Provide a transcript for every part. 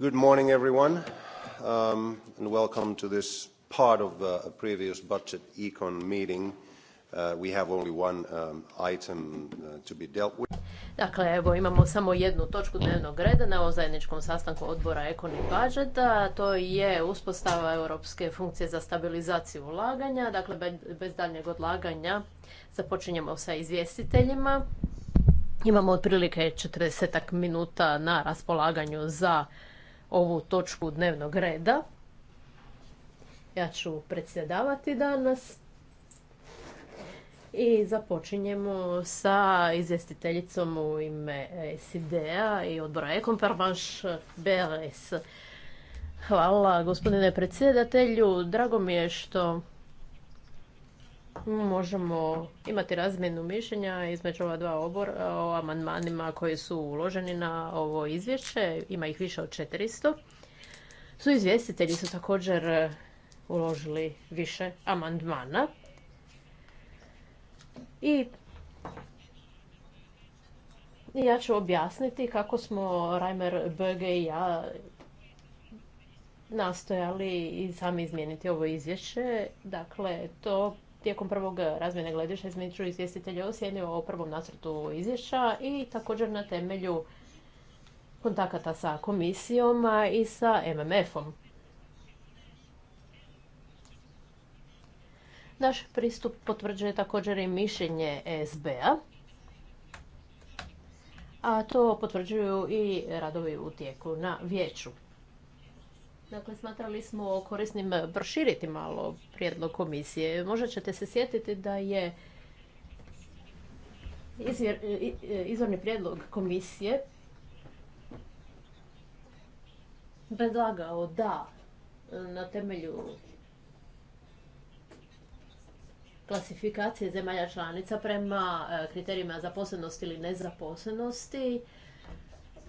Good morning, everyone, um, and welcome to this part of the previous budget econ meeting. Uh, we have only one um, item uh, to be dealt with. Dakle, evo imamo samo jednu točku dnevnog reda na ovom zajedničkom sastanku odbora Econ i Budget, a to je uspostava Europske funkcije za stabilizaciju ulaganja. Dakle, bez daljnjeg odlaganja započinjemo sa izvjestiteljima. Imamo otprilike 40 minuta na raspolaganju za ovu točku dnevnog reda. Ja ću predsjedavati danas. I započinjemo sa izvjestiteljicom u ime SID-a i odbora Ekompervanš BLS. Hvala gospodine predsjedatelju. Drago mi je što možemo imati razmjenu mišljenja između ova dva obora o amandmanima koji su uloženi na ovo izvješće. Ima ih više od 400. Su izvjestitelji su također e, uložili više amandmana. I ja ću objasniti kako smo Reimer Böge i ja nastojali i sami izmijeniti ovo izvješće. Dakle, to tijekom prvog eh, razmjene gledišta između izvjestitelja osjenio o prvom nacrtu izvješća i također na temelju kontakata sa komisijom i sa MMF-om. Naš pristup potvrđuje također i mišljenje SBA, a to potvrđuju i radovi u tijeku na vijeću. Dakle, smatrali smo korisnim proširiti malo prijedlog komisije. Možda ćete se sjetiti da je izvorni prijedlog komisije predlagao da na temelju klasifikacije zemalja članica prema e, kriterijima zaposlenosti ili nezaposlenosti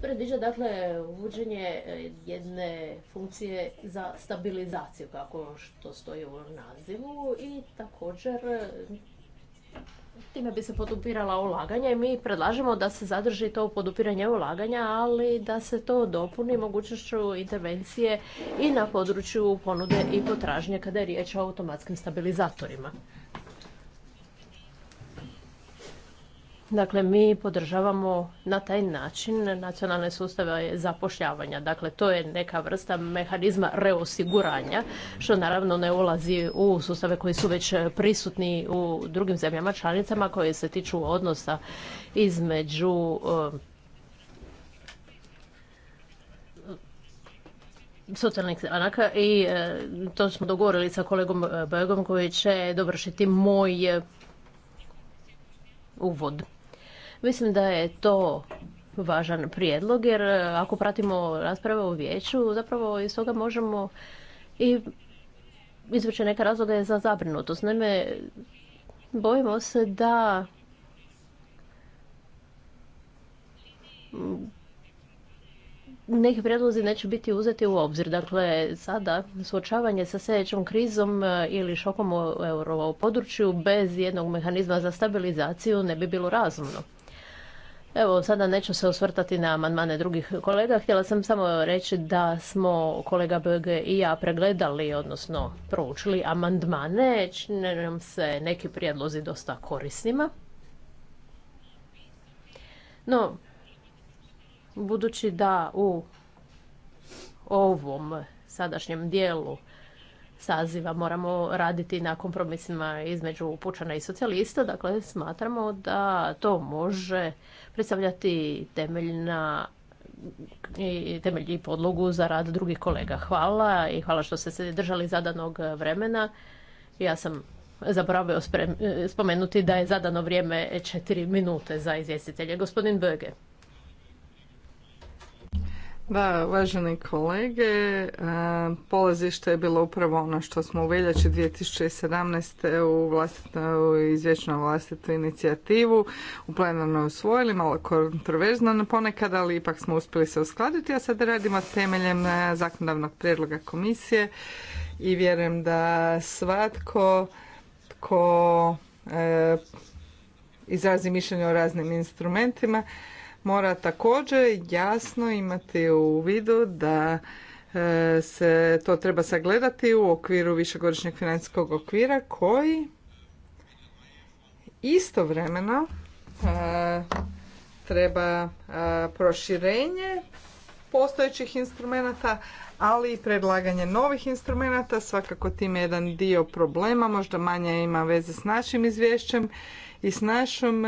predviđa dakle uvođenje e, jedne funkcije za stabilizaciju kako što stoji u nazivu i također e, time bi se podupirala ulaganja i mi predlažemo da se zadrži to podupiranje ulaganja, ali da se to dopuni mogućnošću intervencije i na području ponude i potražnje kada je riječ o automatskim stabilizatorima. Dakle, mi podržavamo na taj način nacionalne sustave zapošljavanja. Dakle, to je neka vrsta mehanizma reosiguranja, što naravno ne ulazi u sustave koji su već prisutni u drugim zemljama članicama koje se tiču odnosa između eh, socijalnih stranaka i eh, to smo dogovorili sa kolegom eh, Bojegom koji će dovršiti moj uvod. Mislim da je to važan prijedlog jer e, ako pratimo rasprave u vijeću, zapravo iz toga možemo i izvući neke razloge za zabrinutost. Naime, bojimo se da neki prijedlozi neće biti uzeti u obzir. Dakle, sada suočavanje sa sljedećom krizom e, ili šokom u euro području bez jednog mehanizma za stabilizaciju ne bi bilo razumno. Evo, sada neću se osvrtati na amandmane drugih kolega. Htjela sam samo reći da smo kolega BG i ja pregledali, odnosno proučili amandmane. Čine nam se neki prijedlozi dosta korisnima. No, budući da u ovom sadašnjem dijelu saziva moramo raditi na kompromisima između pučana i socijalista. Dakle, smatramo da to može predstavljati temeljna i podlogu za rad drugih kolega. Hvala i hvala što ste se držali zadanog vremena. Ja sam zaboravio spomenuti da je zadano vrijeme četiri minute za izvjestitelje. Gospodin Böge. Da, uvaženi kolege, e, polazište je bilo upravo ono što smo u veljači 2017. u, izvješću na vlastitu inicijativu u plenarno usvojili, malo kontroverzno ponekad, ali ipak smo uspjeli se uskladiti, a sad radimo temeljem e, zakonodavnog prijedloga komisije i vjerujem da svatko tko e, izrazi mišljenje o raznim instrumentima, mora također jasno imati u vidu da e, se to treba sagledati u okviru višegodišnjeg financijskog okvira koji istovremeno e, treba e, proširenje postojećih instrumenata, ali i predlaganje novih instrumenata. Svakako tim je jedan dio problema, možda manje ima veze s našim izvješćem i s našom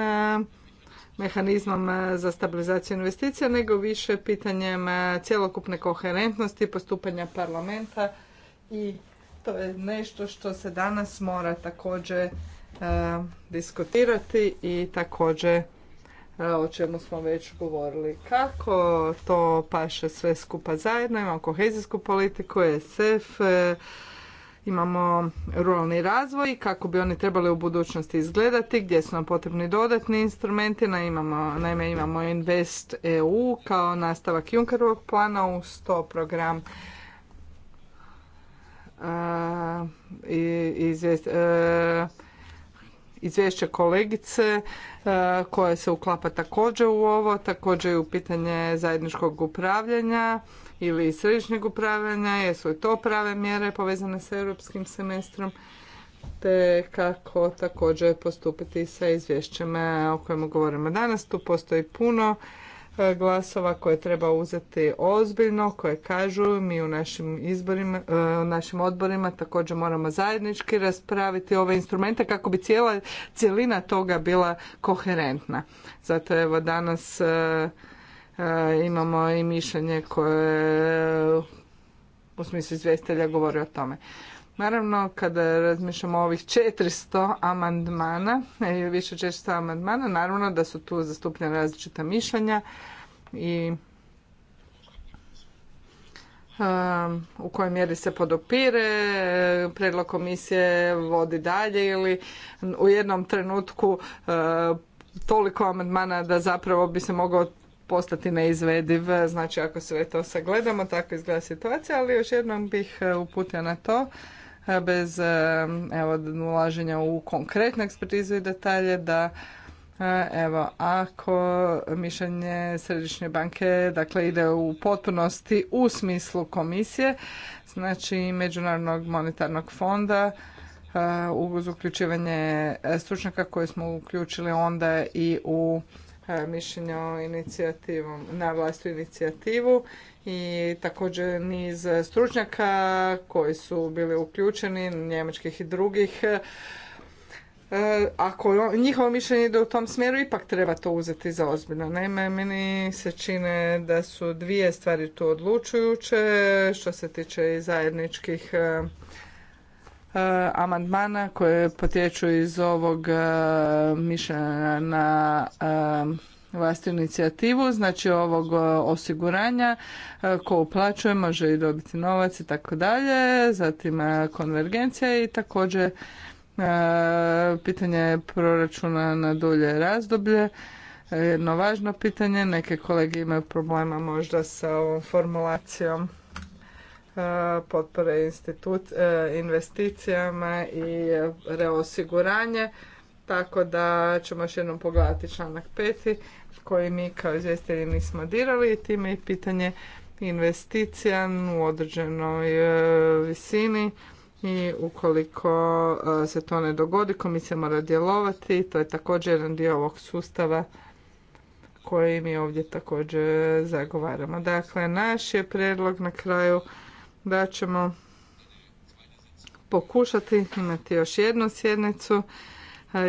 mehanizmom e, za stabilizaciju investicija, nego više pitanjem e, cjelokupne koherentnosti, postupanja parlamenta i to je nešto što se danas mora također e, diskutirati i također o čemu smo već govorili. Kako to paše sve skupa zajedno, imamo kohezijsku politiku, SF, Imamo ruralni razvoj, kako bi oni trebali u budućnosti izgledati, gdje su nam potrebni dodatni instrumenti. naime, imamo Invest EU kao nastavak Junkerovog plana u 100 program e, e, izvješće, kolegice e, koje se uklapa također u ovo, također i u pitanje zajedničkog upravljanja ili središnjeg upravljanja, jesu li to prave mjere povezane sa europskim semestrom, te kako također postupiti sa izvješćima o kojima govorimo danas. Tu postoji puno e, glasova koje treba uzeti ozbiljno, koje kažu mi u našim, izborima, e, u našim odborima također moramo zajednički raspraviti ove instrumente kako bi cijela cijelina toga bila koherentna. Zato evo danas e, imamo i mišljenje koje u smislu izvjestitelja govori o tome. Naravno, kada razmišljamo o ovih 400 amandmana, e, više 400 amandmana, naravno da su tu zastupljena različita mišljenja i u kojoj mjeri se podopire, e, predlog komisije vodi dalje ili u jednom trenutku e, toliko amandmana da zapravo bi se mogao postati neizvediv. Znači, ako sve to sagledamo, tako izgleda situacija, ali još jednom bih e, uputio na to e, bez e, evo, ulaženja u konkretne ekspertizu i detalje da Evo, ako mišljenje Središnje banke dakle, ide u potpunosti u smislu komisije, znači Međunarodnog monetarnog fonda, uz uključivanje stručnjaka koje smo uključili onda i u E, mišljenja o inicijativom, na vlastu inicijativu i također niz stručnjaka koji su bili uključeni, njemačkih i drugih. E, ako njihovo mišljenje ide u tom smjeru, ipak treba to uzeti za ozbiljno. Naime, meni se čine da su dvije stvari tu odlučujuće što se tiče i zajedničkih e, E, amandmana koje potječu iz ovog e, mišljenja na e, vlastitu inicijativu, znači ovog osiguranja ko uplaćuje može i dobiti novac i tako dalje, zatim konvergencija i također pitanje proračuna na dulje razdoblje. Jedno važno pitanje, neke kolege imaju problema možda sa ovom formulacijom E, potpore e, investicijama i reosiguranje. Tako da ćemo još jednom pogledati članak 5. koji mi kao izvjestitelji nismo dirali i time i pitanje investicija u određenoj e, visini i ukoliko se to ne dogodi komisija mora djelovati. To je također jedan dio ovog sustava koji mi ovdje također zagovaramo. Dakle, naš je predlog na kraju da ćemo pokušati imati još jednu sjednicu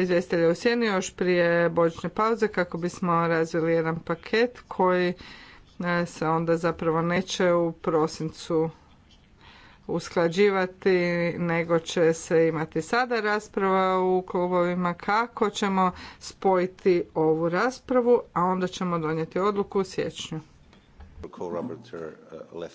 izvjestitelja u sjeni još prije božićne pauze kako bismo razvili jedan paket koji se onda zapravo neće u prosincu usklađivati, nego će se imati sada rasprava u klubovima kako ćemo spojiti ovu raspravu, a onda ćemo donijeti odluku u siječnju. Uh,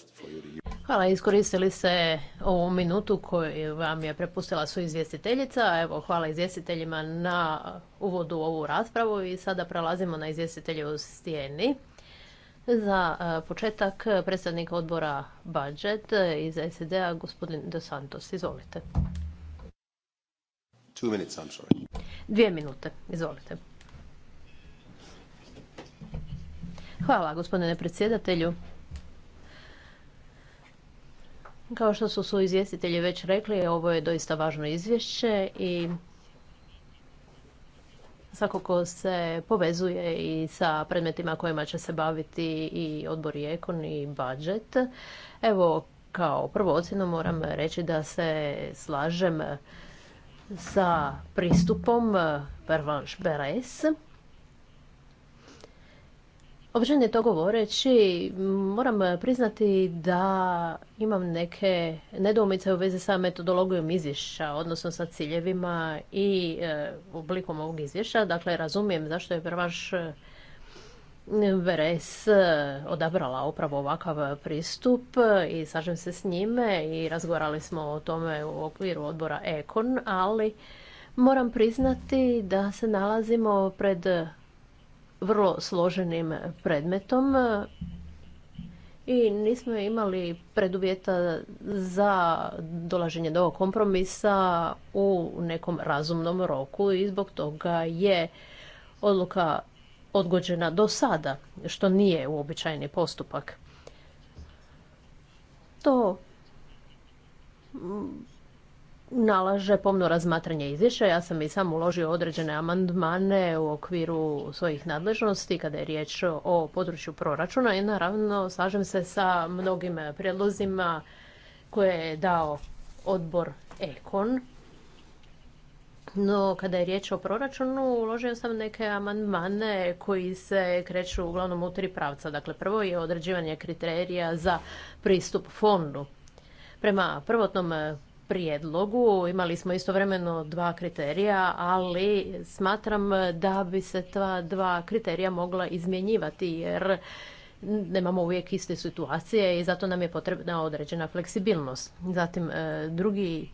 hvala, iskoristili ste ovu minutu koju vam je prepustila su izvjestiteljica. Evo, hvala izvjestiteljima na uvodu u ovu raspravu i sada prelazimo na izvjestitelje u stijeni. Za uh, početak predstavnik odbora budžet uh, iz SED-a, gospodin De Santos. Izvolite. Dvije minute, izvolite. Hvala gospodine predsjedatelju. Kao što su su izvjestitelji već rekli, ovo je doista važno izvješće i svakako se povezuje i sa predmetima kojima će se baviti i odbor i ekon i budžet. Evo, kao prvo ocjenu moram reći da se slažem sa pristupom Pervanš Beres to govoreći, moram priznati da imam neke nedoumice u vezi sa metodologijom izvješća, odnosno sa ciljevima i e, oblikom ovog izvješća. Dakle, razumijem zašto je prvaš VRS e, e, odabrala upravo ovakav pristup i sažem se s njime i razgovarali smo o tome u okviru odbora Ekon, ali moram priznati da se nalazimo pred vrlo složenim predmetom i nismo imali preduvjeta za dolaženje do ovog kompromisa u nekom razumnom roku i zbog toga je odluka odgođena do sada, što nije uobičajeni postupak. To nalaže pomno razmatranje izvješća. Ja sam i sam uložio određene amandmane u okviru svojih nadležnosti kada je riječ o području proračuna i naravno slažem se sa mnogim prijedlozima koje je dao odbor Ekon. No, kada je riječ o proračunu, uložio sam neke amandmane koji se kreću uglavnom u tri pravca. Dakle, prvo je određivanje kriterija za pristup fondu. Prema prvotnom prijedlogu. Imali smo istovremeno dva kriterija, ali smatram da bi se ta dva kriterija mogla izmjenjivati jer nemamo uvijek iste situacije i zato nam je potrebna određena fleksibilnost. Zatim e, drugi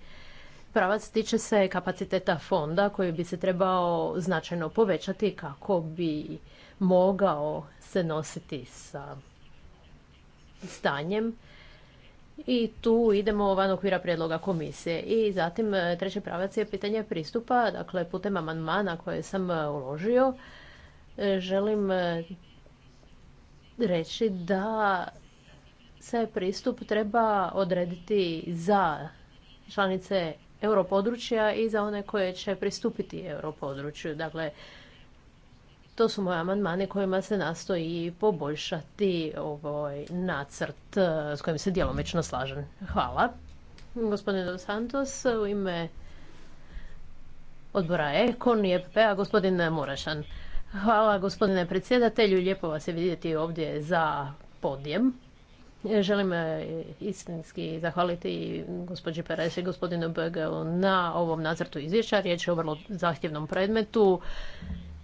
pravac tiče se kapaciteta fonda koji bi se trebao značajno povećati kako bi mogao se nositi sa stanjem i tu idemo van okvira prijedloga komisije. I zatim e, treći pravac je pitanje pristupa, dakle putem amandmana koje sam e, uložio. E, želim reći da se pristup treba odrediti za članice europodručja i za one koje će pristupiti europodručju. Dakle, to su moje amandmane kojima se nastoji poboljšati ovaj nacrt eh, s kojim se djelomično slažem. Hvala. Gospodin Santos, u ime odbora Ekon i EPP-a, gospodin Murašan. Hvala gospodine predsjedatelju, lijepo vas je vidjeti ovdje za podijem. Želim eh, istinski zahvaliti gospođi peres i gospodinu Begeu na ovom nacrtu izvješća. Riječ je o vrlo zahtjevnom predmetu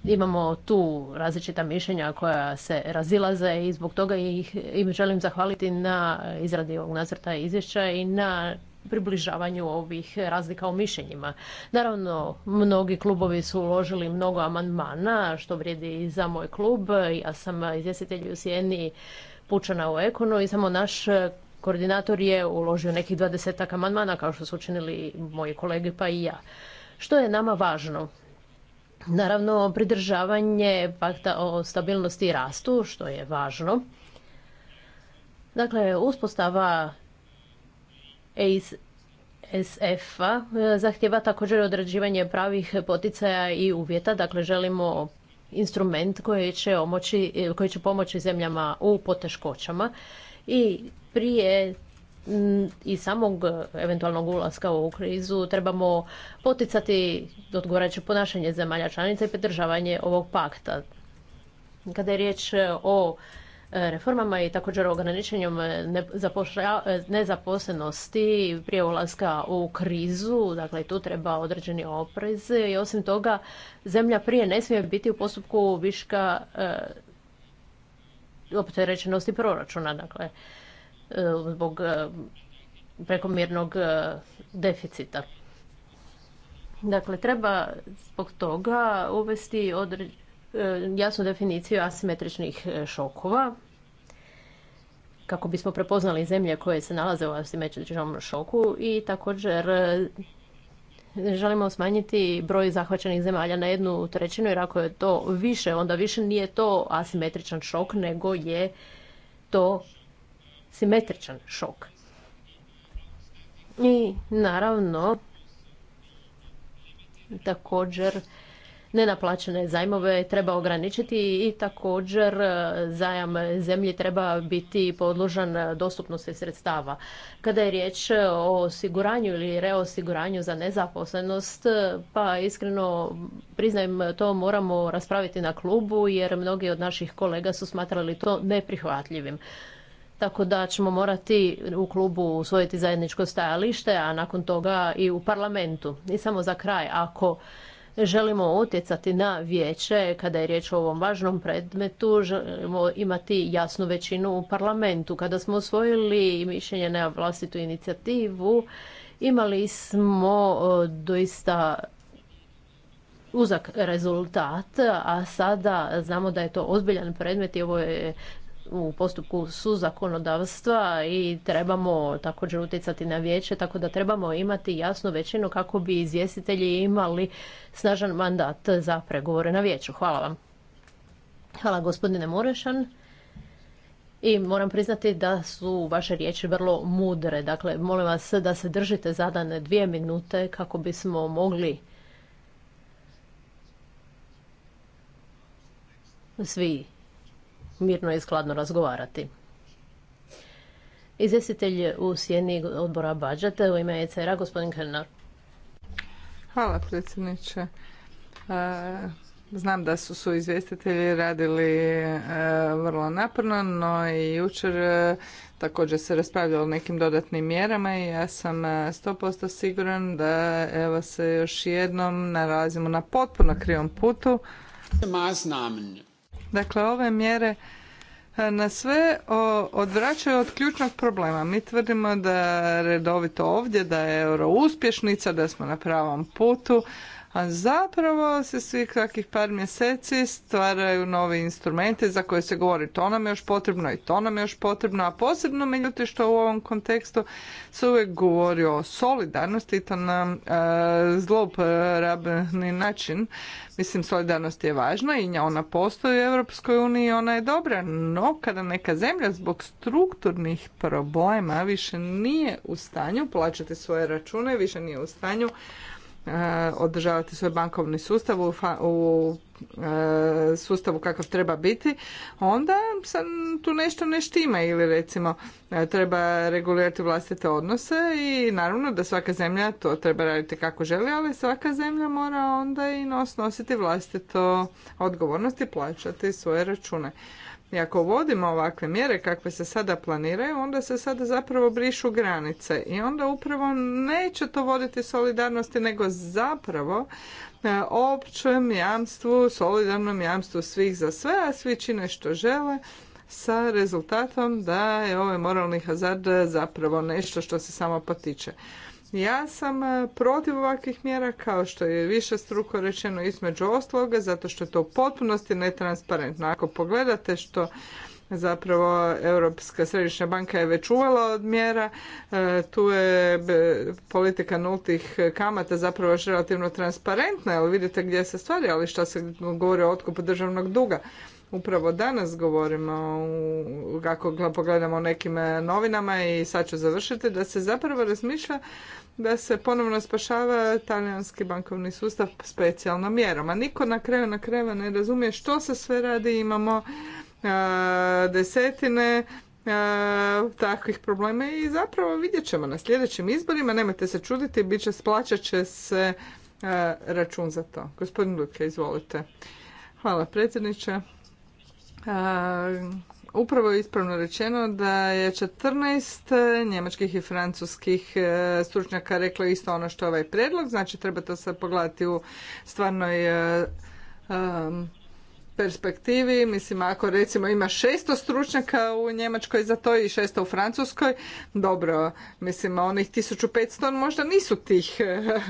Imamo tu različita mišljenja koja se razilaze i zbog toga ih, im želim zahvaliti na izradi ovog nacrta izvješća i na približavanju ovih razlika u mišljenjima. Naravno, mnogi klubovi su uložili mnogo amandmana, što vrijedi i za moj klub. Ja sam izvjestitelj u Sjeni Pučana u Ekonu i samo naš koordinator je uložio nekih dvadesetak amandmana, kao što su učinili moji kolege pa i ja. Što je nama važno? Naravno, pridržavanje pakta o stabilnosti i rastu, što je važno. Dakle, uspostava SF-a e, zahtjeva također određivanje pravih poticaja i uvjeta. Dakle, želimo instrument koji će, koji će pomoći zemljama u poteškoćama i prije i samog e, eventualnog ulaska u krizu trebamo poticati odgovarajuće ponašanje zemalja članica i pridržavanje ovog pakta. Kada je riječ e, o e, reformama i također ograničenju nezaposlenosti prije ulaska u krizu, dakle tu treba određeni oprez i osim toga zemlja prije ne smije biti u postupku viška opterećenosti proračuna. Dakle, E, zbog e, prekomjernog e, deficita. Dakle, treba zbog toga uvesti jasnu definiciju asimetričnih šokova kako bismo prepoznali zemlje koje se nalaze u asimetričnom šoku i također želimo smanjiti broj zahvaćenih zemalja na jednu trećinu jer ako je to više, onda više nije to asimetričan šok nego je to simetričan šok. I naravno, također nenaplaćene zajmove treba ograničiti i također zajam zemlji treba biti podložan dostupnosti sredstava. Kada je riječ o osiguranju ili reosiguranju za nezaposlenost, pa iskreno priznajem to moramo raspraviti na klubu jer mnogi od naših kolega su smatrali to neprihvatljivim tako da ćemo morati u klubu usvojiti zajedničko stajalište, a nakon toga i u parlamentu. I samo za kraj, ako želimo utjecati na vijeće kada je riječ o ovom važnom predmetu, želimo imati jasnu većinu u parlamentu. Kada smo usvojili mišljenje na vlastitu inicijativu, imali smo doista uzak rezultat, a sada znamo da je to ozbiljan predmet i ovo je u postupku su zakonodavstva i trebamo također utjecati na vijeće, tako da trebamo imati jasnu većinu kako bi izvjestitelji imali snažan mandat za pregovore na vijeću. Hvala vam. Hvala gospodine Morešan. I moram priznati da su vaše riječi vrlo mudre. Dakle, molim vas da se držite zadane dvije minute kako bismo mogli svi mirno i skladno razgovarati. Izvjestitelj u sjedni odbora Bađata u ime ECR-a, gospodin Krenar. Hvala predsjedniče. E, znam da su su izvjestitelji radili e, vrlo naporno, no i jučer e, također se raspravljalo o nekim dodatnim mjerama i ja sam 100% siguran da evo se još jednom nalazimo na potpuno krivom putu. znam. Dakle, ove mjere e, na sve odvraćaju od ključnog problema. Mi tvrdimo da redovito ovdje, da je euro uspješnica, da smo na pravom putu, a zapravo se svih kakvih par mjeseci stvaraju novi instrumenti za koje se govori to nam je još potrebno i to nam je još potrebno, a posebno me što u ovom kontekstu se uvijek govori o solidarnosti i to na e, zlouporabni način. Mislim, solidarnost je važna i ona postoji u Europskoj uniji i ona je dobra, no kada neka zemlja zbog strukturnih problema više nije u stanju plaćati svoje račune, više nije u stanju Eh, održavati svoj bankovni sustav u, eh, sustavu kakav treba biti, onda sam tu nešto ne štima ili recimo eh, treba regulirati vlastite odnose i naravno da svaka zemlja to treba raditi kako želi, ali svaka zemlja mora onda i nositi vlastito odgovornost i plaćati svoje račune. I ako vodimo ovakve mjere kakve se sada planiraju, onda se sada zapravo brišu granice i onda upravo neće to voditi solidarnosti, nego zapravo e, općem jamstvu, solidarnom jamstvu svih za sve, a svi čine što žele sa rezultatom da je ovaj moralni hazard zapravo nešto što se samo potiče. Ja sam e, protiv ovakvih mjera kao što je više struko rečeno između ostaloga zato što je to u potpunosti netransparentno. Ako pogledate što zapravo Europska središnja banka je već uvela od mjera. E, tu je e, politika nultih kamata zapravo još relativno transparentna, ali vidite gdje se stvari, ali što se govori o otkupu državnog duga upravo danas govorimo, kako pogledamo nekim e, novinama i sad ću završiti, da se zapravo razmišlja da se ponovno spašava talijanski bankovni sustav specijalnom mjerom. A niko na kraju na kraju ne razumije što se sve radi. Imamo e, desetine e, takvih problema i zapravo vidjet ćemo na sljedećim izborima. Nemojte se čuditi, bit će, splaćat će se račun za to. Gospodin Luke, izvolite. Hvala predsjedniče upravo je ispravno rečeno da je 14 njemačkih i francuskih e, stručnjaka reklo isto ono što je ovaj predlog, znači treba to sad pogledati u stvarnoj e, e, perspektivi, mislim ako recimo ima 600 stručnjaka u Njemačkoj za to i 600 u Francuskoj, dobro, mislim onih 1500 možda nisu tih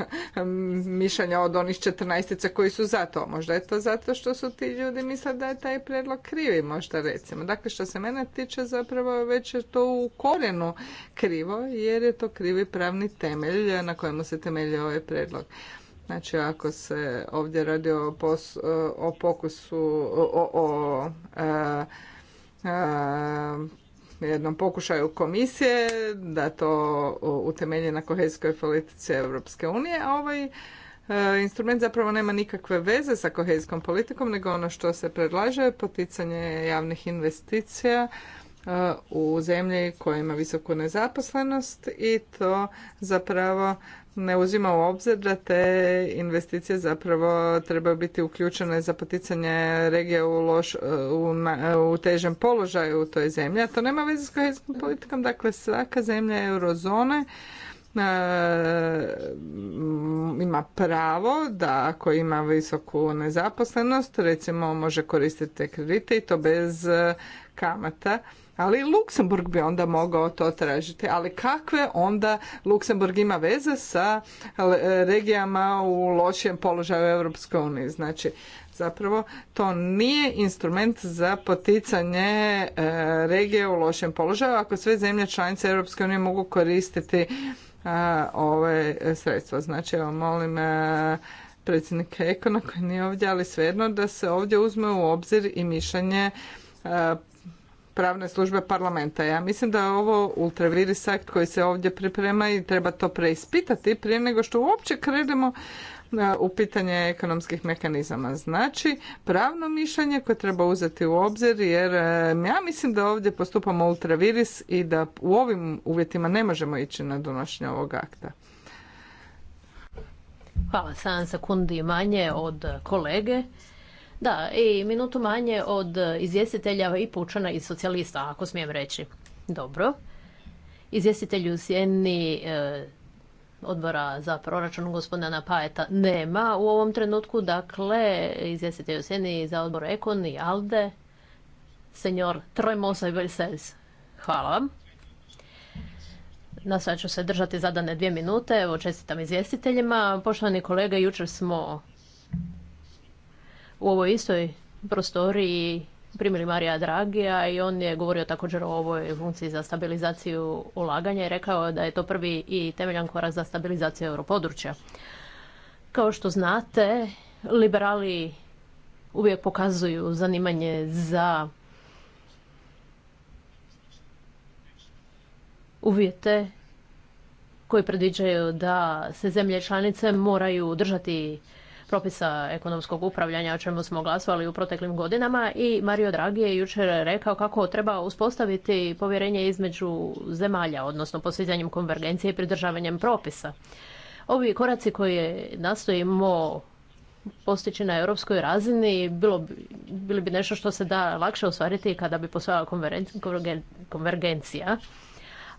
mišljenja od onih 14 koji su za to. Možda je to zato što su ti ljudi misle da je taj predlog krivi možda recimo. Dakle što se mene tiče zapravo već je to u korijenu krivo jer je to krivi pravni temelj na kojemu se temelji ovaj predlog. Znači, ako se ovdje radi o, pos, o pokusu, o, e, e, jednom pokušaju komisije da to utemelji na kohezijskoj politici Europske unije, a ovaj e, instrument zapravo nema nikakve veze sa kohezijskom politikom, nego ono što se predlaže je poticanje javnih investicija u zemlji koja ima visoku nezaposlenost i to zapravo ne uzima u obzir da te investicije zapravo trebaju biti uključene za poticanje regija u, loš, e, u, e, u težem položaju u toj zemlji, a to nema veze s kohezijskom politikom. Dakle, svaka zemlja eurozone e, ima pravo da ako ima visoku nezaposlenost, recimo može koristiti te kredite i to bez kamata ali Luksemburg bi onda mogao to tražiti. Ali kakve onda Luksemburg ima veze sa e, regijama u lošijem položaju Europske unije? Znači, zapravo to nije instrument za poticanje e, regije u lošijem položaju ako sve zemlje članice Europske unije mogu koristiti e, ove sredstva. Znači, evo, molim predsjednika Ekona koji nije ovdje, ali svejedno da se ovdje uzme u obzir i mišljenje pravne službe parlamenta. Ja mislim da je ovo ultraviris akt koji se ovdje priprema i treba to preispitati prije nego što uopće krenemo e, u pitanje ekonomskih mehanizama. Znači, pravno mišljenje koje treba uzeti u obzir, jer e, ja mislim da ovdje postupamo ultraviris i da u ovim uvjetima ne možemo ići na donošenje ovog akta. Hvala, 7 sekundi manje od kolege. Da, i minutu manje od izvjestitelja i pučana i socijalista, ako smijem reći. Dobro. Izvjestitelju u sjeni e, odbora za proračun gospodina Pajeta nema u ovom trenutku. Dakle, izvjestitelj u sjeni za odbor Ekon i Alde, senjor Trojmosa i Velses, Hvala vam. ću se držati zadane dvije minute. Evo, čestitam izvjestiteljima. Poštovani kolege, jučer smo u ovoj istoj prostoriji primili Marija Dragija i on je govorio također o ovoj funkciji za stabilizaciju ulaganja i rekao da je to prvi i temeljan korak za stabilizaciju europodručja. Kao što znate, liberali uvijek pokazuju zanimanje za uvjete koji predviđaju da se zemlje članice moraju držati propisa ekonomskog upravljanja o čemu smo glasovali u proteklim godinama i Mario Draghi je jučer rekao kako treba uspostaviti povjerenje između zemalja, odnosno postizanjem konvergencije i pridržavanjem propisa. Ovi koraci koje nastojimo postići na europskoj razini bilo bi, bili bi nešto što se da lakše ostvariti kada bi postojala konvergencija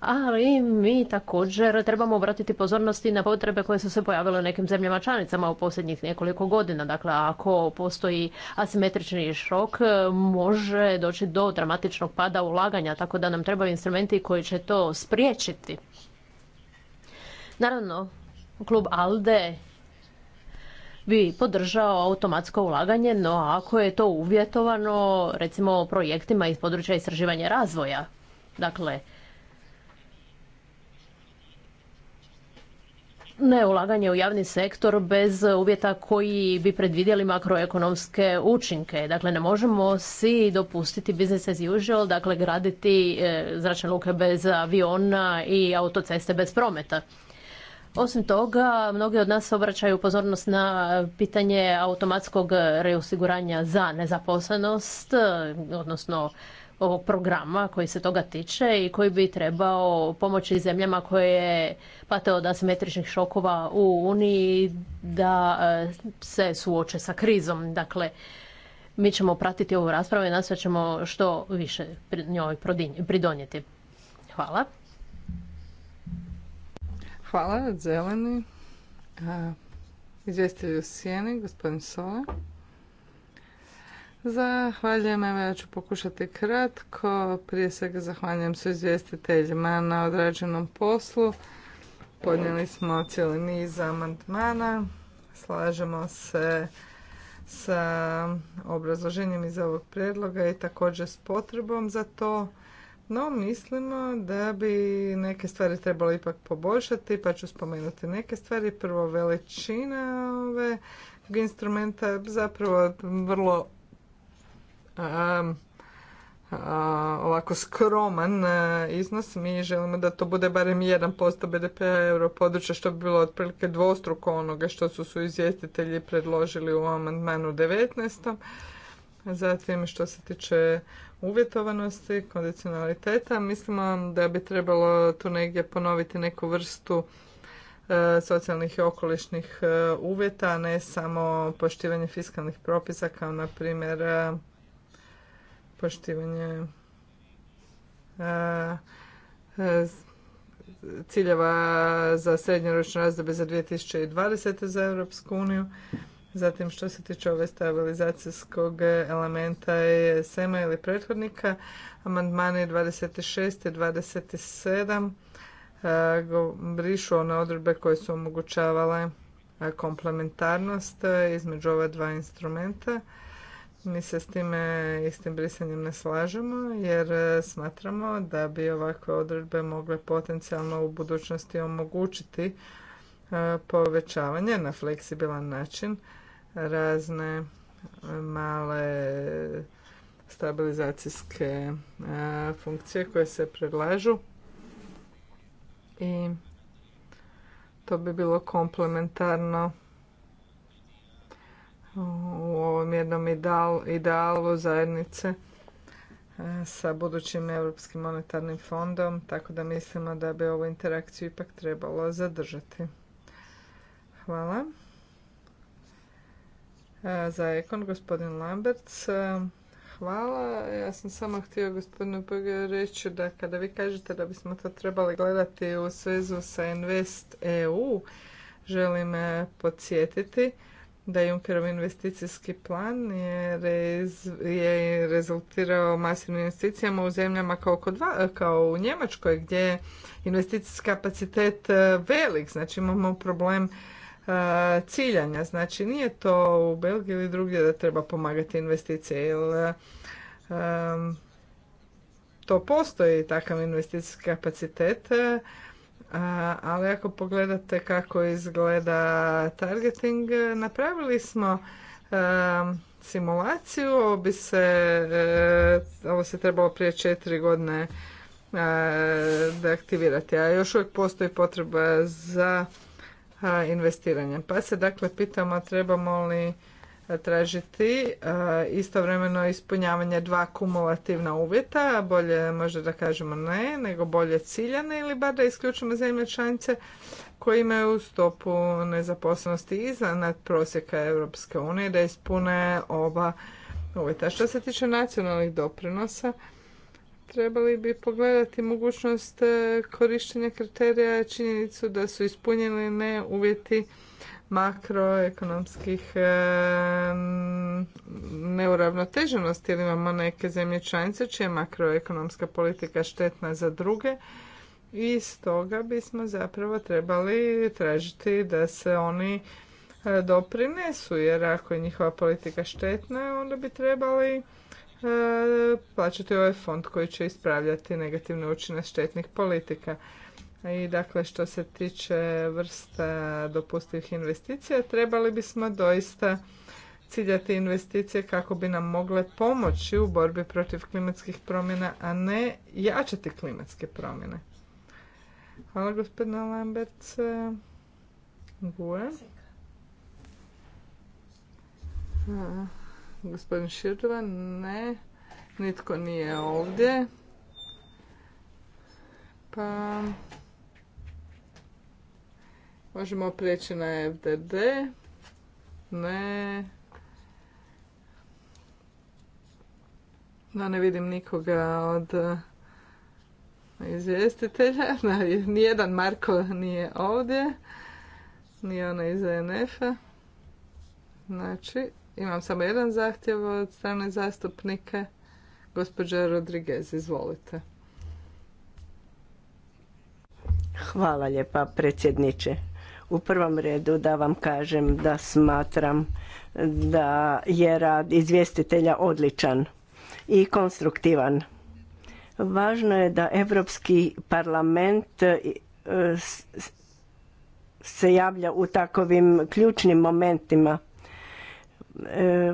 ali mi također trebamo obratiti pozornosti na potrebe koje su se pojavile u nekim zemljama članicama u posljednjih nekoliko godina. Dakle, ako postoji asimetrični šok, može doći do dramatičnog pada ulaganja, tako da nam trebaju instrumenti koji će to spriječiti. Naravno, klub ALDE bi podržao automatsko ulaganje, no ako je to uvjetovano recimo projektima iz područja istraživanja razvoja. Dakle, ulaganje u javni sektor bez uvjeta koji bi predvidjeli makroekonomske učinke. Dakle, ne možemo si dopustiti business as usual, dakle graditi e, zračne luke bez aviona i autoceste bez prometa. Osim toga, mnogi od nas obraćaju pozornost na pitanje automatskog reosiguranja za nezaposlenost, odnosno ovog programa koji se toga tiče i koji bi trebao pomoći zemljama koje pate od asimetričnih šokova u Uniji da e, se suoče sa krizom. Dakle, mi ćemo pratiti ovu raspravu i nas ćemo što više njoj pridonijeti. Hvala. Hvala, zeleni. E, u gospodin Sola. Zahvaljujem, evo ja ću pokušati kratko. Prije svega zahvaljujem se izvjestiteljima na odrađenom poslu. Podnijeli smo cijeli niz amandmana. Slažemo se sa obrazloženjem iz ovog predloga i također s potrebom za to. No, mislimo da bi neke stvari trebalo ipak poboljšati, pa ću spomenuti neke stvari. Prvo, veličina ove instrumenta zapravo vrlo ovako skroman iznos. Mi želimo da to bude barem 1% bdp euro europodručja, što bi bilo otprilike dvostruko onoga što su su izvjestitelji predložili u amandmanu 19. Zatim što se tiče uvjetovanosti, kondicionaliteta, mislimo da bi trebalo tu negdje ponoviti neku vrstu e, socijalnih i okolišnih e, uvjeta, a ne samo poštivanje fiskalnih propisa kao na primjer e, poštivanje e, e, ciljeva za srednjoročno razdoblje za 2020. za Europsku uniju. Zatim što se tiče ove stabilizacijskog elementa ESM-a ili prethodnika, amandmani 26 i 27 e, brišu one odredbe koje su omogućavale komplementarnost između ova dva instrumenta mi se s time istim brisanjem ne slažemo jer e, smatramo da bi ovakve odredbe mogle potencijalno u budućnosti omogućiti e, povećavanje na fleksibilan način razne e, male stabilizacijske funkcije koje se predlažu i to bi bilo komplementarno u ovom jednom idealu zajednice e, sa budućim Europskim monetarnim fondom, tako da mislimo da bi ovu interakciju ipak trebalo zadržati. Hvala. E, za ekon, gospodin Lamberts. E, hvala. Ja sam samo htio gospodinu reći da kada vi kažete da bismo to trebali gledati u svezu sa Invest EU, želim podsjetiti da Junckerov investicijski plan je, je rezultirao masivnim investicijama u zemljama kao, kod, kao u Njemačkoj gdje je investicijski kapacitet e, velik, znači imamo problem e, ciljanja, znači nije to u Belgiji ili drugdje da treba pomagati investicije, jer e, to postoji takav investicijski kapacitet, ali ako pogledate kako izgleda targeting, napravili smo simulaciju, ovo bi se, e, ovo se trebalo prije četiri godine e, deaktivirati, a još uvijek postoji potreba za investiranjem. Pa se dakle pitamo trebamo li tražiti e, istovremeno ispunjavanje dva kumulativna uvjeta, bolje možda da kažemo ne, nego bolje ciljane ili bar da isključimo zemlje članice koje imaju stopu nezaposlenosti iznad prosjeka Europske unije da ispune oba uvjeta. Što se tiče nacionalnih doprinosa, trebali bi pogledati mogućnost e, korištenja kriterija činjenicu da su ispunjeni ne uvjeti makroekonomskih neuravnoteženosti ili imamo neke zemlje članice čija je makroekonomska politika štetna za druge i stoga bismo zapravo trebali tražiti da se oni e, doprinesu jer ako je njihova politika štetna onda bi trebali e, plaćati ovaj fond koji će ispravljati negativne učine štetnih politika. I dakle, što se tiče vrsta dopustivih investicija, trebali bismo doista ciljati investicije kako bi nam mogle pomoći u borbi protiv klimatskih promjena, a ne jačati klimatske promjene. Hvala gospodina Lambert. gospodin Širdova, ne. Nitko nije ovdje. Pa... Možemo prijeći na FDD. Ne. Da, ne vidim nikoga od izvjestitelja. nijedan Marko nije ovdje. Ni ona iz ENF-a. Znači, imam samo jedan zahtjev od strane zastupnike. Gospođa Rodriguez, izvolite. Hvala lijepa predsjedniče. U prvom redu da vam kažem da smatram da je rad izvjestitelja odličan i konstruktivan. Važno je da Europski parlament e, se javlja u takovim ključnim momentima e,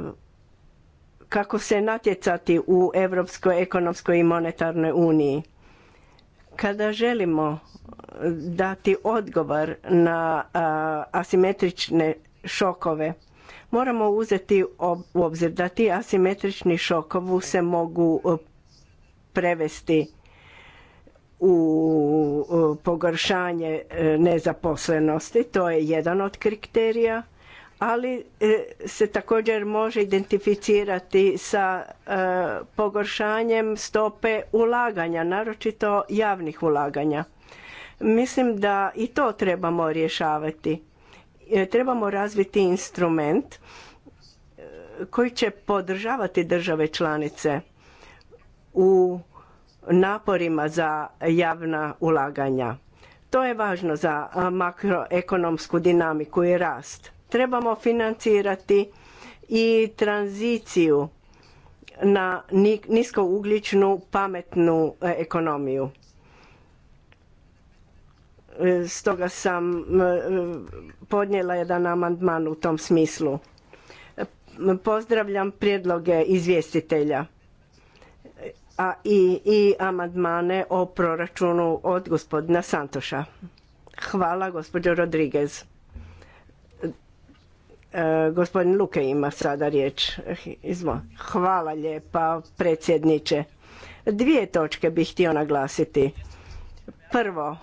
kako se natjecati u Europskoj ekonomskoj i monetarnoj uniji. Kada želimo eh, dati odgovor na eh, asimetrične šokove, moramo uzeti u obzir da ti asimetrični šokovu se mogu eh, prevesti u pogoršanje nezaposlenosti. To je jedan od kriterija ali e, se također može identificirati sa e, pogoršanjem stope ulaganja, naročito javnih ulaganja. Mislim da i to trebamo rješavati. E, trebamo razviti instrument koji će podržavati države članice u naporima za javna ulaganja. To je važno za makroekonomsku dinamiku i rast Trebamo financirati i tranziciju na niskougljičnu pametnu e, ekonomiju. E, stoga sam e, podnijela jedan amandman u tom smislu. Pozdravljam prijedloge izvjestitelja a i, i amandmane o proračunu od gospodina Santoša. Hvala gospođo Rodriguez. E, gospodin Luke ima sada riječ. Izmo. Hvala lijepa predsjedniče. Dvije točke bih htio naglasiti. Prvo, e,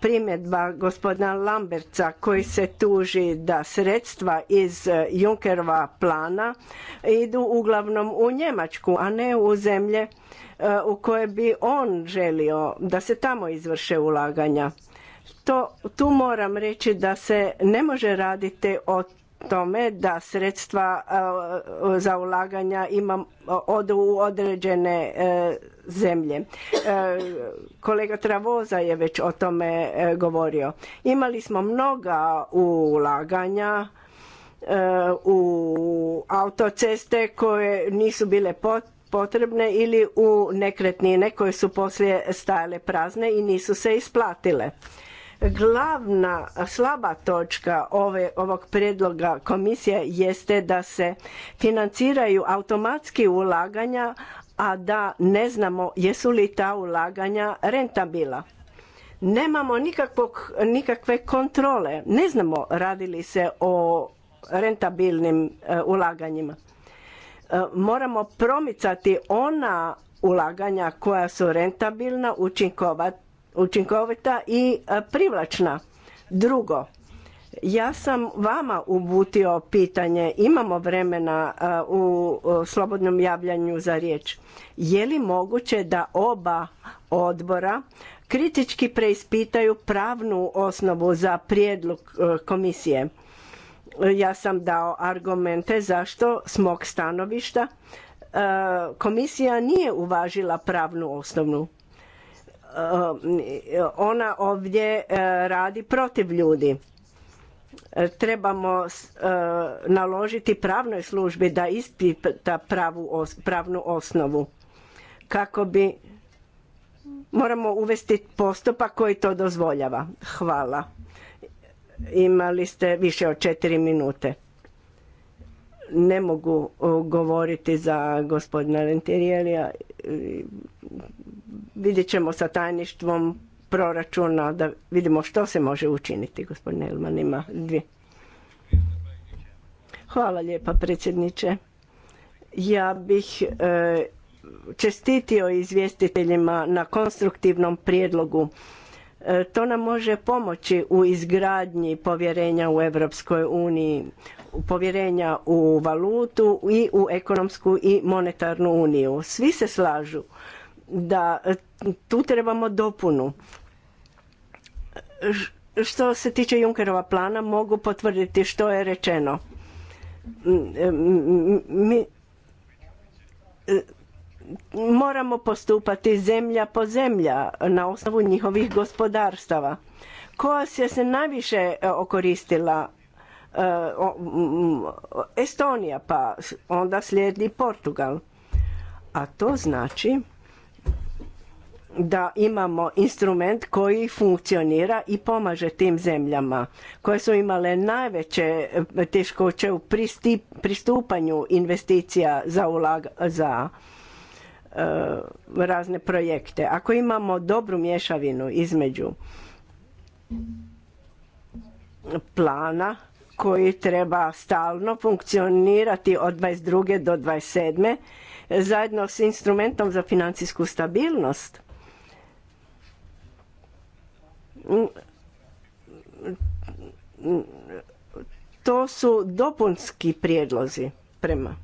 primjedba gospodina Lamberca koji se tuži da sredstva iz e, Junkerova plana idu uglavnom u Njemačku, a ne u zemlje u koje bi on želio da se tamo izvrše ulaganja. To, tu moram reći da se ne može raditi o tome da sredstva e, za ulaganja imam, u određene e, zemlje. E, kolega Travoza je već o tome govorio. Imali smo mnoga ulaganja u autoceste koje nisu bile potrebne ili u nekretnine koje su poslije stajale prazne i nisu se isplatile. Glavna slaba točka ove, ovog prijedloga komisije jeste da se financiraju automatski ulaganja, a da ne znamo jesu li ta ulaganja rentabila. Nemamo nikakvog, nikakve kontrole, ne znamo radi li se o rentabilnim e, ulaganjima. E, moramo promicati ona ulaganja koja su rentabilna, učinkovita i e, privlačna. Drugo, ja sam vama ubutio pitanje, imamo vremena e, u slobodnom javljanju za riječ. Je li moguće da oba odbora kritički preispitaju pravnu osnovu za prijedlog e, komisije? Ja sam dao argumente zašto s mog stanovišta komisija nije uvažila pravnu osnovnu. Eh, ona ovdje eh, radi protiv ljudi eh, trebamo naložiti pravnoj službi da ispita pravu, pravnu osnovu kako bi moramo uvesti postupak koji to dozvoljava. Hvala. Imali ste više od četiri minute ne mogu govoriti za gospodina Rentirijelija. E, vidjet ćemo sa tajništvom proračuna da vidimo što se može učiniti. Gospodin Elman ima dvije. Hvala lijepa predsjedniče. Ja bih e, čestitio izvjestiteljima na konstruktivnom prijedlogu E, to nam može pomoći u izgradnji povjerenja u Europskoj uniji, povjerenja u valutu i u ekonomsku i monetarnu uniju. Svi se slažu da e, tu trebamo dopunu. Što se tiče Junkerova plana, mogu potvrditi što je rečeno. Mi, e, moramo postupati zemlja po zemlja na osnovu njihovih gospodarstava. Koja se se najviše e, okoristila e, Estonija, pa onda slijedi Portugal. A to znači da imamo instrument koji funkcionira i pomaže tim zemljama koje su imale najveće e, teškoće u pristupanju investicija za, za E, razne projekte. Ako imamo dobru mješavinu između plana koji treba stalno funkcionirati od 22. do 27. zajedno s instrumentom za financijsku stabilnost. To su dopunski prijedlozi prema.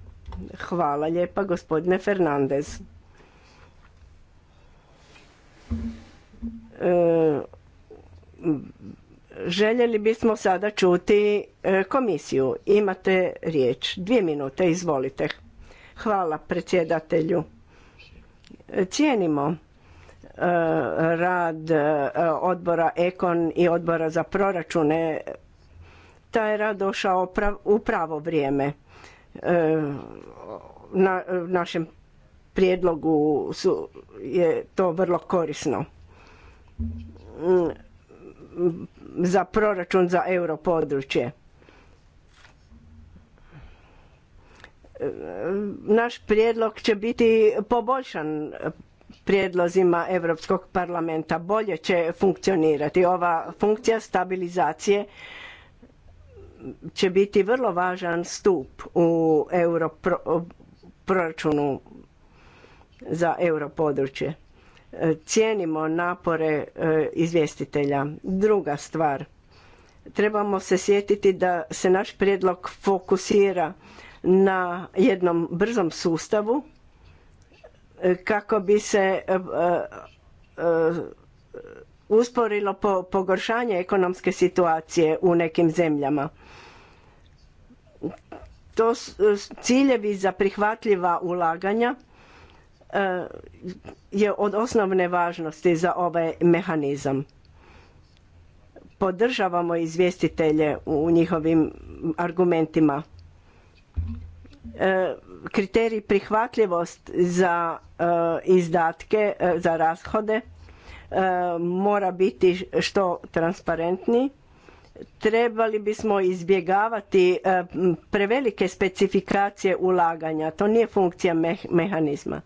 Hvala lijepa gospodine Fernandez. Željeli bismo sada čuti e, komisiju. Imate riječ. Dvije minute, izvolite. Hvala predsjedatelju. Cijenimo e, rad e, odbora Ekon i odbora za proračune. Taj je rad došao u pravo vrijeme. Na našem prijedlogu su, je to vrlo korisno mm, za proračun za europodručje. E, naš prijedlog će biti poboljšan prijedlozima Europskog parlamenta. Bolje će funkcionirati. Ova funkcija stabilizacije će biti vrlo važan stup u euro proračunu za europodručje. E, cijenimo napore e, izvjestitelja. Druga stvar, trebamo se sjetiti da se naš prijedlog fokusira na jednom brzom sustavu e, kako bi se usporilo pogoršanje ekonomske situacije u nekim zemljama. To su ciljevi za prihvatljiva ulaganja Eh, je od osnovne važnosti za ovaj mehanizam. Podržavamo izvjestitelje u njihovim argumentima. Eh, kriterij prihvatljivost za eh, izdatke, za rashode mora biti što transparentni. Trebali bismo izbjegavati prevelike specifikacije ulaganja. To nije funkcija mehanizma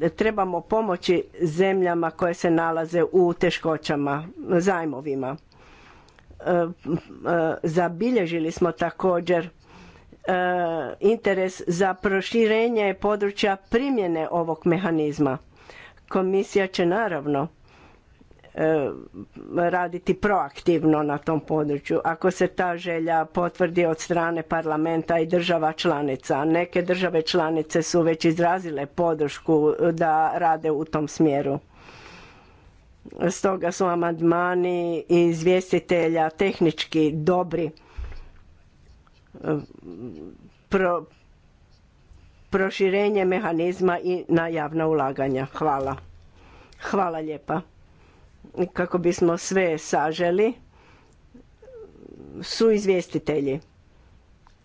E, trebamo pomoći zemljama koje se nalaze u teškoćama, zajmovima. E, e, zabilježili smo također interes za proširenje područja primjene ovog mehanizma. Komisija će naravno E, raditi proaktivno na tom području. Ako se ta želja potvrdi od strane parlamenta i država članica, neke države članice su već izrazile podršku da rade u tom smjeru. Stoga su amandmani i izvjestitelja tehnički dobri. E, proširenje mehanizma i na javna ulaganja. Hvala. Hvala lijepa kako bismo sve saželi su izvjestitelji.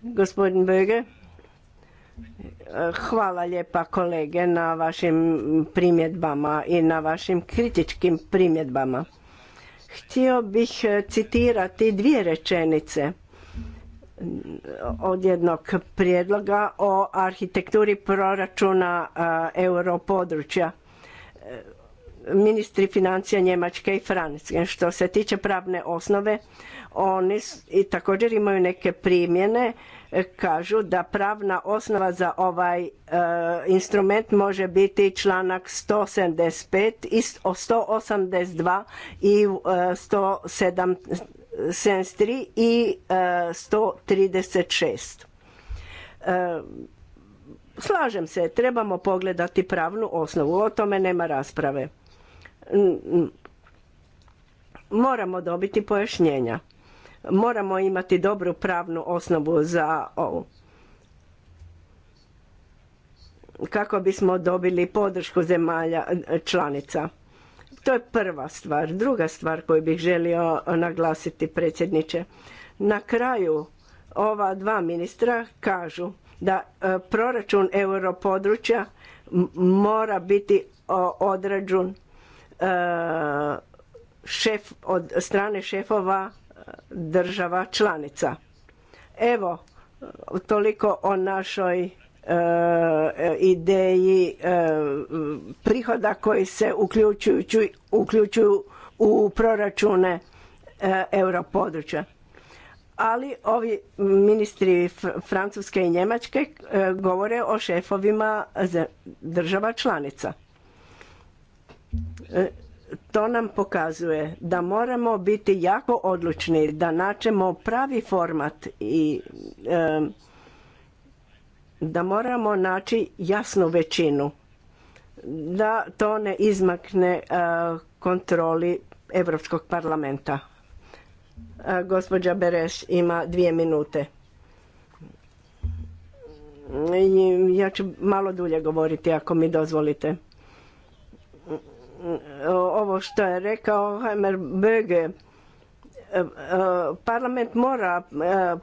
Gospodin Böge, hvala lijepa kolege na vašim primjedbama i na vašim kritičkim primjedbama. Htio bih citirati dvije rečenice od jednog prijedloga o arhitekturi proračuna europodručja ministri financija Njemačke i Francuske. Što se tiče pravne osnove, oni i također imaju neke primjene, e, kažu da pravna osnova za ovaj e, instrument može biti članak 175 i 182 i e, 173 i e, 136. E, slažem se, trebamo pogledati pravnu osnovu, o tome nema rasprave moramo dobiti pojašnjenja. Moramo imati dobru pravnu osnovu za ovu. Kako bismo dobili podršku zemalja članica. To je prva stvar. Druga stvar koju bih želio naglasiti predsjedniče. Na kraju ova dva ministra kažu da e, proračun europodručja mora biti odrađen E, šef, od strane šefova e, država članica. Evo, toliko o našoj e, ideji prihoda koji se uključuju u proračune europodručja. Ali ovi ministri Francuske i Njemačke govore o šefovima država članica. E, to nam pokazuje da moramo biti jako odlučni da načemo pravi format i e, da moramo naći jasnu većinu da to ne izmakne e, kontroli Europskog parlamenta. gospođa Bereš ima dvije minute. Ja ću malo dulje govoriti ako mi dozvolite ovo što je rekao Heimer Böge, e, e, parlament mora e,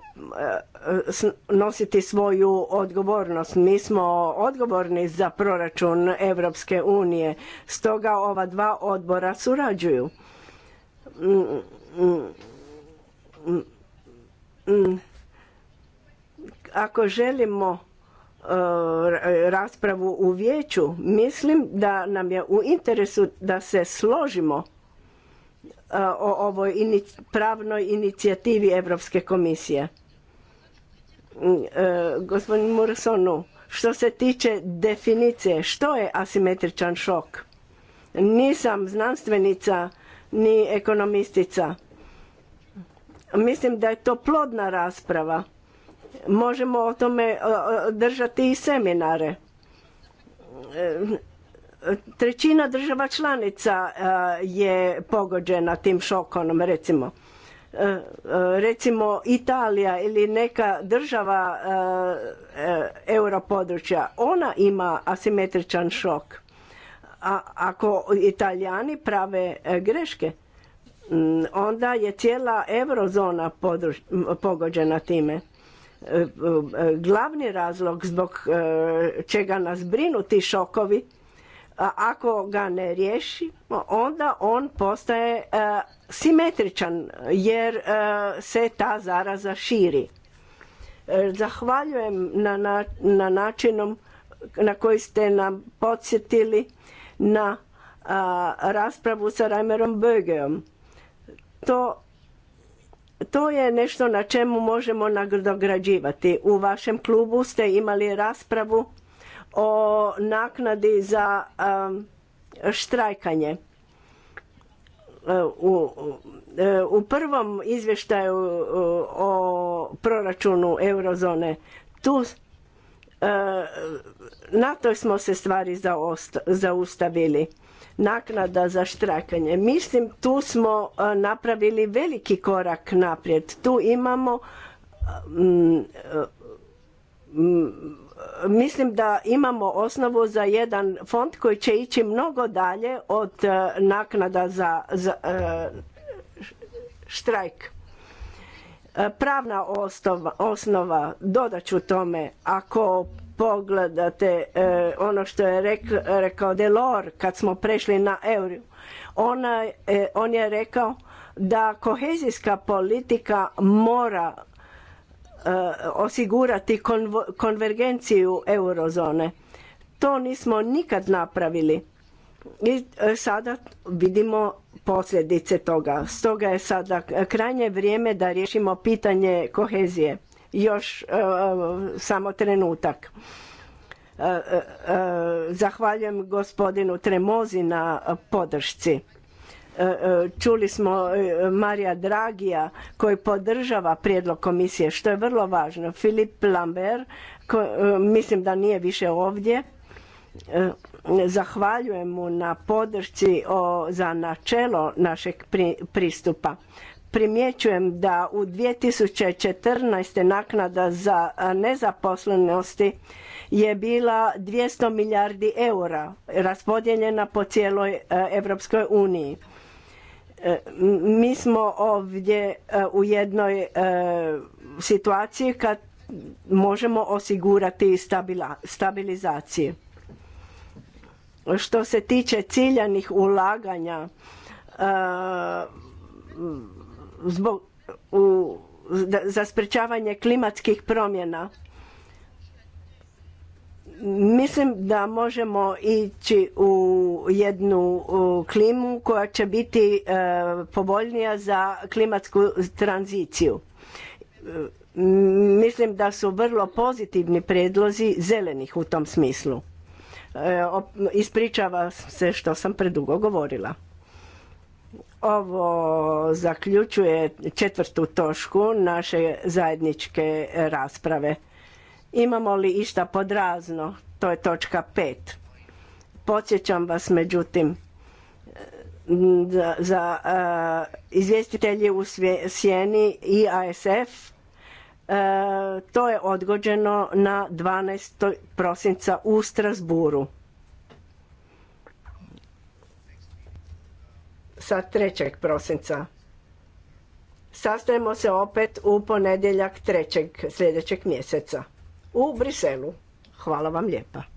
nositi svoju odgovornost. Mi smo odgovorni za proračun Europske unije, stoga ova dva odbora surađuju. Mm, mm, mm, Ako želimo E, raspravu u vijeću. Mislim da nam je u interesu da se složimo e, o ovoj pravnoj inicijativi Europske komisije. Mm, e, gospodin Mursonu, što se tiče definicije, što je asimetričan šok? Nisam znanstvenica ni ekonomistica. Mislim da je to plodna rasprava Možemo o tome držati i seminare. E, trećina država članica e, je pogođena tim šokonom. recimo. E, recimo Italija ili neka država europodručja, ona ima asimetričan šok. A ako Italijani prave greške, onda je cijela eurozona pogođena time. E, e, glavni razlog zbog e, čega nas brinu ti šokovi, ako ga ne riješimo, onda on postaje simetričan jer se ta zaraza širi. Zahvaljujem na, načinom na koji ste nam podsjetili na raspravu sa Reimerom Bögeom. To to je nešto na čemu možemo nadograđivati. U vašem klubu ste imali raspravu o naknadi za um, štrajkanje. U, u prvom izvještaju o proračunu eurozone tu uh, na toj smo se stvari zaustavili naknada za štrajkanje. Mislim tu smo e, napravili veliki korak naprijed. Tu imamo e, e, mislim da imamo osnovu za jedan fond koji će ići mnogo dalje od naknada za, štrajk. Pravna osnova, osnova dodat tome, ako pogledate e, ono što je rekao Delor kad smo prešli na euro, e, on je rekao da kohezijska politika mora e, osigurati konvergenciju eurozone. To nismo nikad napravili. I sada vidimo posljedice toga. Stoga je sada krajnje vrijeme da riješimo pitanje kohezije još e, e, samo trenutak. E, zahvaljujem gospodinu Tremozi na podršci. Čuli smo Marija Dragija koji podržava prijedlog komisije, što je vrlo važno. Filip Lambert, mislim da nije više ovdje, zahvaljujem mu na podršci za načelo našeg pristupa primjećujem da u 2014. naknada za nezaposlenosti je bila 200 milijardi eura raspodijeljena po cijeloj e, Europskoj uniji. E, mi smo ovdje e, u jednoj situaciji kad možemo osigurati stabilizaciju. Što se tiče ciljanih ulaganja, zbog, u, za sprečavanje klimatskih promjena. Mislim da možemo ići u jednu klimu koja će biti e, povoljnija za klimatsku tranziciju. Mislim da su vrlo pozitivni predlozi zelenih u tom smislu. E, Ispričava se što sam predugo govorila. Ovo zaključuje četvrtu točku naše zajedničke rasprave. Imamo li išta podrazno? To je točka pet. Podsjećam vas međutim za, za eh, izvjestitelji u sjeni i ASF eh, to je odgođeno na 12. prosinca u Strasburu. sa 3. prosinca. Sastajemo se opet u ponedjeljak 3. sljedećeg mjeseca u Briselu. Hvala vam lijepa.